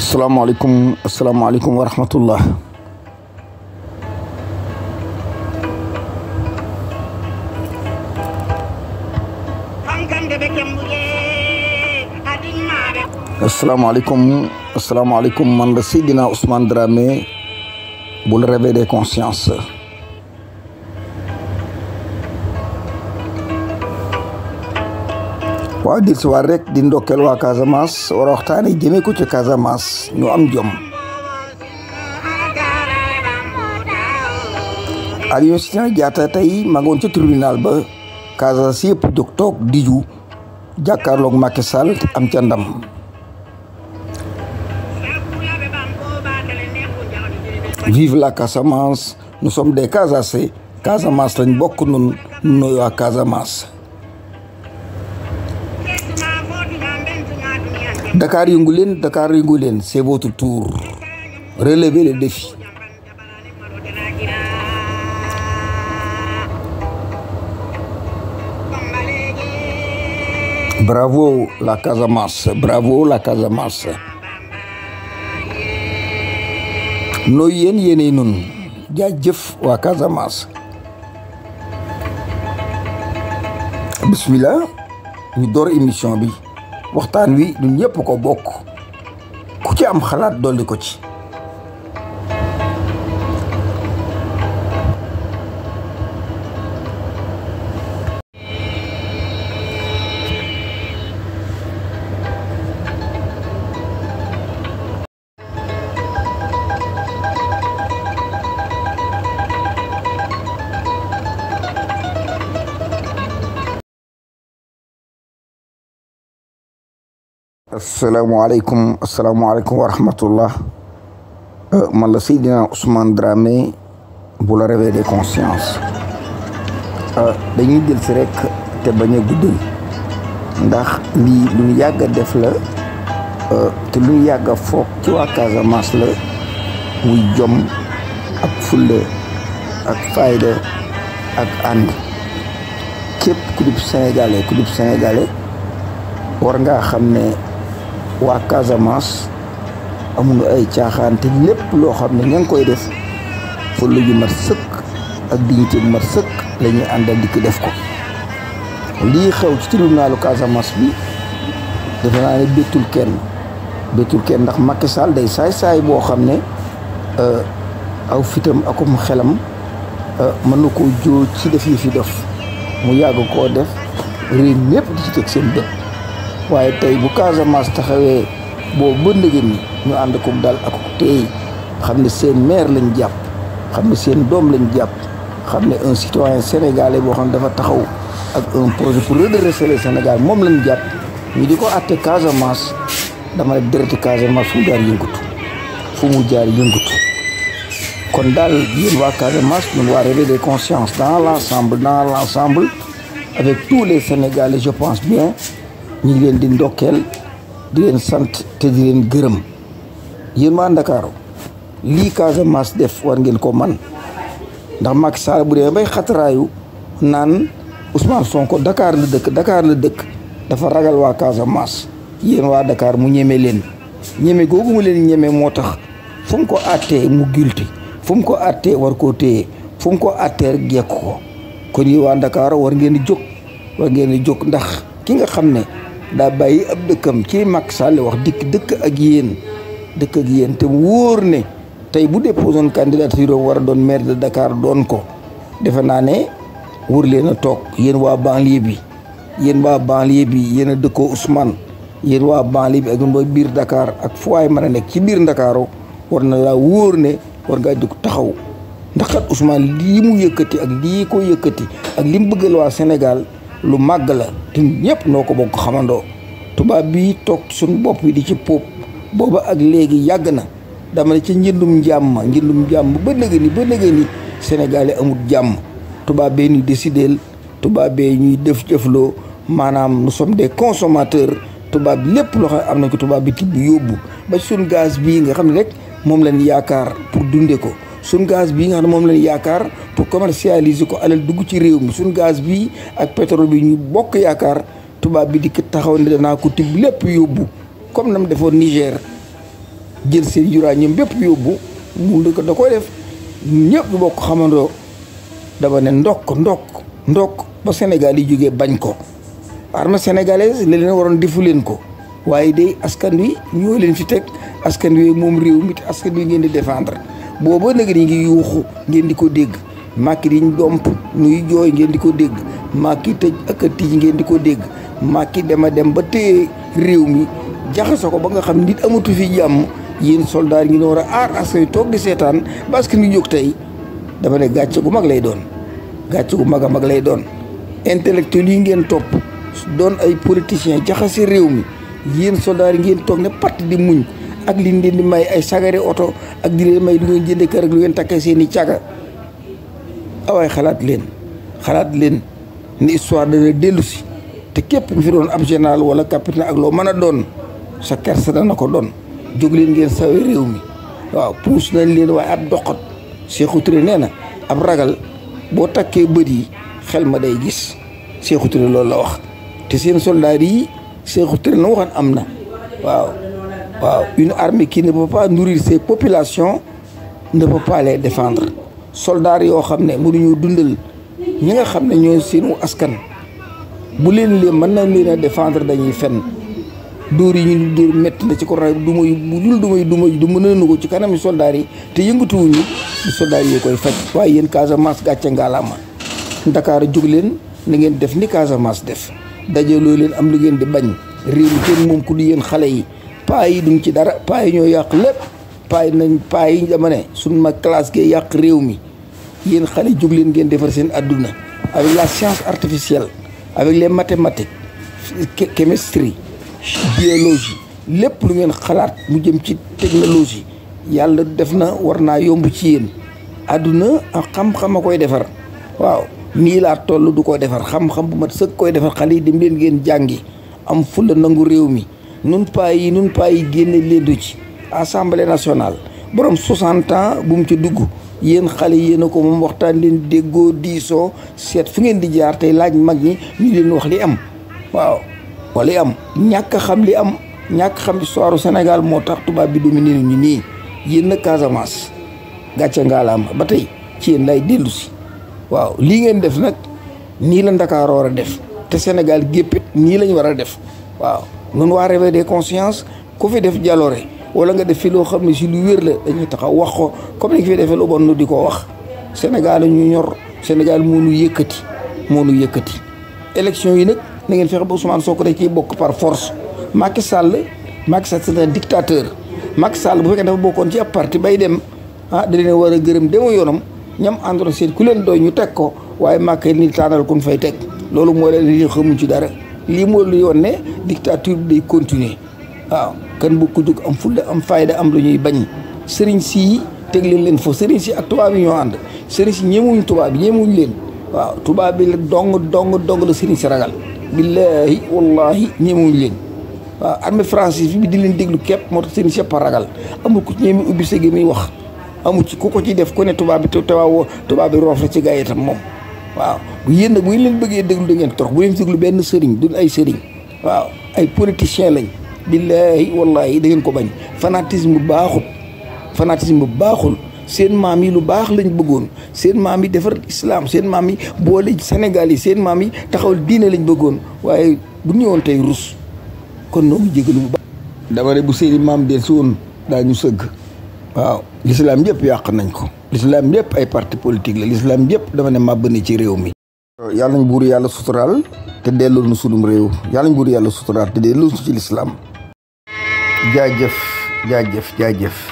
asalaamaaleykum asalaamaaleykum wa rahmatullah asalaamaaleykum asalaamaaleykum man la Seydina Ousmane Dramé bu le réveil des consciences fois del rek di ndokkeel waa Casamance war a waxtaane jëmee ko ci Casamance ñu am jom Aline Sitoé Diatta ca tribunal ba Casa si yëpp jóg toog diju jàkkaarloog Macky Sall am ca ndam vive la Casamance nous sommes des Casamance lañ bokk nun nooy waa Casamance dakaar yëngu leen Dakar yëngu leen c'est votre tour relevez le défi bravo la Casamance bravo la Casamance nooy yéen yéenay nun jaajëf waa Casamance bismillah ñu door émission bi waxtaan wi du ñëpp ko bokk ku ci am xalaat dolli ko ci asalaamualeykum asalaamualeykum wa rahmatullah euh, man la Seydina Ousmane Dramé bu la réveil des euh, dañuy jël te bañ a ndax lii lu ñu yàgg a def la euh, te lu ñu yàgg a foog ci waa Casamance la muy jom ak fulla ak fayda ak ànd képp ku dib Sénégalais ku war ngaa xam ne waa Casamance amuñu ay caaxaan te lépp loo xam ne ña koy def fulla ju mat sëkk ak dignité bu mat sëkk la ñuy àndal dikk def ko lii xew ci tribunalu Casamance bi defe naa ne kenn béttul kenn ndax Macky Sall day saay-saay boo xam ne euh, aw fitam akum xelam euh, mën na koo jóo ci def yi fi def mu yàgg koo def réew ñépp di ci teg seen bët waaye tey bu Casamance taxawee boo bënd gi ni ñu ànd ko dal ak tey xam ne seen maire lañu jàpp xam ne seen doom lañ jàpp xam ne un citoyen sénégalais boo xam ne dafa taxaw ak un projet pour redresser le Sénégal moom lañ jàpp ñu di ko àtte Casamance dama ne dereti Casamance fu mu jaar yëngatu fu mu jaar yëngatu kon daal yéen waa Casamance ñun waa réveil des consciences dans l' ensemble dans l' ensemble avec tous les Sénégalais je pense bien ñu ngi leen di ndokkeel di leen sant te di leen gërëm yéen waa Ndakaaru lii Casamance def war ngeen ko man ndax Macky Sall bu dee bay xataraayu naan usmaan Sonko Dakar la dëkk dafa ragal waa Casamance yéen waa Dakar mu ñeme leen ñeme googu mu leen ñeme moo tax fu mu ko àttee mu gilti fu mu ko àttee war koo téye fu mu ko àttee rek gekk ko kon yéen waa Dakar war ngeen di jóg war ngeen jóg ndax ki nga xam ne daa bàyyi ab dëkkam ci Macky Sall wax dikk dëkk ak yéen dëkk ak yéen te mu wóor ne tey bu déposoon candidature war a doon maire de Dakar doon ko defe naa ne wër leen a toog yéen waa banlieue bi yéen waa banlieue bi yéen a dëkkoo Ousmane yéen waa banlieue bi ak ba biir dakaar ak fu waay mën a nekk ci biir Ndakaaru war na laa wóor ne war ngaa jóg taxaw ndax kat Ousmane lii mu yëkkati ak lii ko yëkkati ak li mu bëggal waa Sénégal lu màgg la te ñëpp noo ko bokk xamandoo tubaab bi toog suñu bopp bi di ci póob booba ak léegi yàgg na dama ne ca njëndum jàmm ma njëndum jàmm ba nëgë ni ba nëgë ni Sénégalais amut jàmm tubaab bee ñuy décideel tubaab bee ñuy def jëfloo maanaam nous sommes des consommateurs tubaab lépp loo xam am na ko tubaab bi tibb yóbbu ba suñ gaz bii nga xam ne rek moom lañ yaakaar pour dunde ko suñ gaz bi nga xam ne moom lañ yaakaar pour commercialiser ko alal dugg ci réew mi suñ gaz bii ak pétrole bi ñu bokk yaakaar tubaab bi di ko taxaw ne danaa ko tibb lépp yóbbu comme nam defoon Niger jël seen uranium bépp yóbbu mu ko da koy def ñëpp bokk xamandoo dama ne ndokk ndokk ndokk ba Sénégal yi jógee bañ ko armée sénégalaise li leen waroon defu leen ko waaye day askan wi ñoo leen fi teg askan wi moom réew mi te askan wi ngeen di défendre booba nag yi ngi yuuxu ngeen di ko dégg màkki diñ domp nuy jooy ngeen di ko dégg màkki tëj ak a tij ngeen di ko dégg màkki dema dem ba téye réew mi jaxase ko ba nga xam nit amatu fi jàmm yéen soldaar ngi noor a aar askan toog di seetaan parce que ñu jóg tey dama ne gàcce gu mag lay doon gàcce gu mag a mag lay doon intellectuel yi ngeen topp doon ay politiciens jaxase réew mi yéen soldaar yi ngeen toog ne patt di muñ ak liñ leen di may ay sagari oto ak di may lu ngeen jënde kër ak lu ngeen takkee seen i awaay xalaat leen xalaat leen ni histoire dana dellu si te képp ku fi doon ab général wala capitaine ak loo mën a doon sa kersa dana ko doon jóg leen ngeen sawe réew mi waaw puus nañ leen waaye ab doxat Sékou Touré nee na ab ragal boo takkee bët yi xel ma day gis Sékou Touré loolu la wax te seen soldaar yi Sékou Touré na waxoon am na waaw waaw une armée qui ne peut pas nourrir ses populations ne peut pas les yoo xam ne mënuñu dundal ñi nga xam ne ñooy seenu askan bu leen leen mën na leen a défendre dañuy fenn dóor yi ñu dóor métti na ci corona du may du may du mën na ci kanam soldats yi te yëngatuwuñu ñu soldats yi koy faj waaye yéen Casamance gàcce ngaalaama Dakar jóg leen na ngeen def ni Casamance def daje loo leen am lu ngeen di bañ réew mi moom ku di yéen xale yi paa yi duñ ci dara paa yi ñoo yàq lépp paa nañ paa yi dama ne suñ ma classe gee yàq réew mi yéen xale jóg leen ngeen defar seen adduna avec la science artificielle avec les mathématiques kemistri biologie lépp lu ngeen xalaat mu jëm ci technologie yàlla def na war naa yomb ci yéen adduna ak xam-xam a koy defar waaw nii laa toll du koo defar xam-xam bu mat sëkk koy defar xale yi dem leen ngeen jàngi am fulla nangu réew mi nun paa yi nun paa yi génne léendu ci assemblée nationale borom 60 ans bu mu ci dugg yéen xale yéen a ko moom waxtaan leen déggoo diisoo seet fu ngeen di jaar tey laaj mag ñi ñu leen wax li am waaw wala li am ñàkk xam li am ñàkk xam histoire Sénégal moo tax tubaab bi dominé ñu nii yéen na Casamance gàcce ngaalaama ba tey ci yéen lay dellu si waaw lii ngeen def nag nii la Ndakaar war a def te senegal géppit nii lañ war a def waaw nun waa réveil des consciences ku fi def jaloore wala nga def fi loo xam ne si lu wér la dañuy taxaw wax ko comme ni fi defee lu bon nu di ko wax Sénégal ñu ñor Sénégal moo nu yëkkati moo nu yëkkati. élection yi nag na ngeen fexe ba soo ko da ci bokk par force Macky Sall Macky Sall c'est un dictateur Macky Sall bu fekkee dafa bokkoon ci ab parti bay dem ah dana war a gërëm demu yoonam ñam àndoon seen ku leen doy ñu teg ko waaye Macky ni tànnal ku ñu fay teg loolu mooy leen li ci dara. lii moo lu yoon ne dictature bi day continuer waaw kan bu ko jóg am fulla am fayda am lu ñuy bañ sëriñ si teg leen leen foofu sëriñ si ak tubaab yi ñoo ànd sëriñ si ñemuñ tubaab yi ñemuñ leen waaw tubaab bi la dong dong dong la sëriñ si ragal billaahi wallaahi ñemuñ leen waaw armée française bi di leen déglu képp moo tax sëriñ si a ragal amul ku ci ñemi ubbi sëgg muy wax amu ci ku ko ci def ku ne tubaab bi tubaab tubaab bi roof la ci gaa yi itam moom waaw bu yéen nag bu leen bëggee déglu da ngeen torox bu leen déglu benn sëriñ duñ ay sëriñ waaw ay politiciens lañ billaahi wallaahi da ngeen ko bañ fanatisme baaxul bu baaxul seen maam yi lu baax lañ bëggoon seen maam yi defar islam seen maam yi boole Sénégal yi seen maam yi taxawal diine lañ bëggoon waaye bu ñëwoon tey rus kon noo ngi jégalu bu baax. dama ne bu seeni maam del si woon daañu sëgg. waaw l'islam yëpp yàq nañ ko l'islam yëpp ay parti politique la lislaam yëpp dama ne màbb ni ci réew mi yàlla nañ buur yàlla suturaal te delloo nu sunum réew yàlla nañ buur yàlla suturaal te delloo nu ci l'islam jaajëf jaajëf jaajëf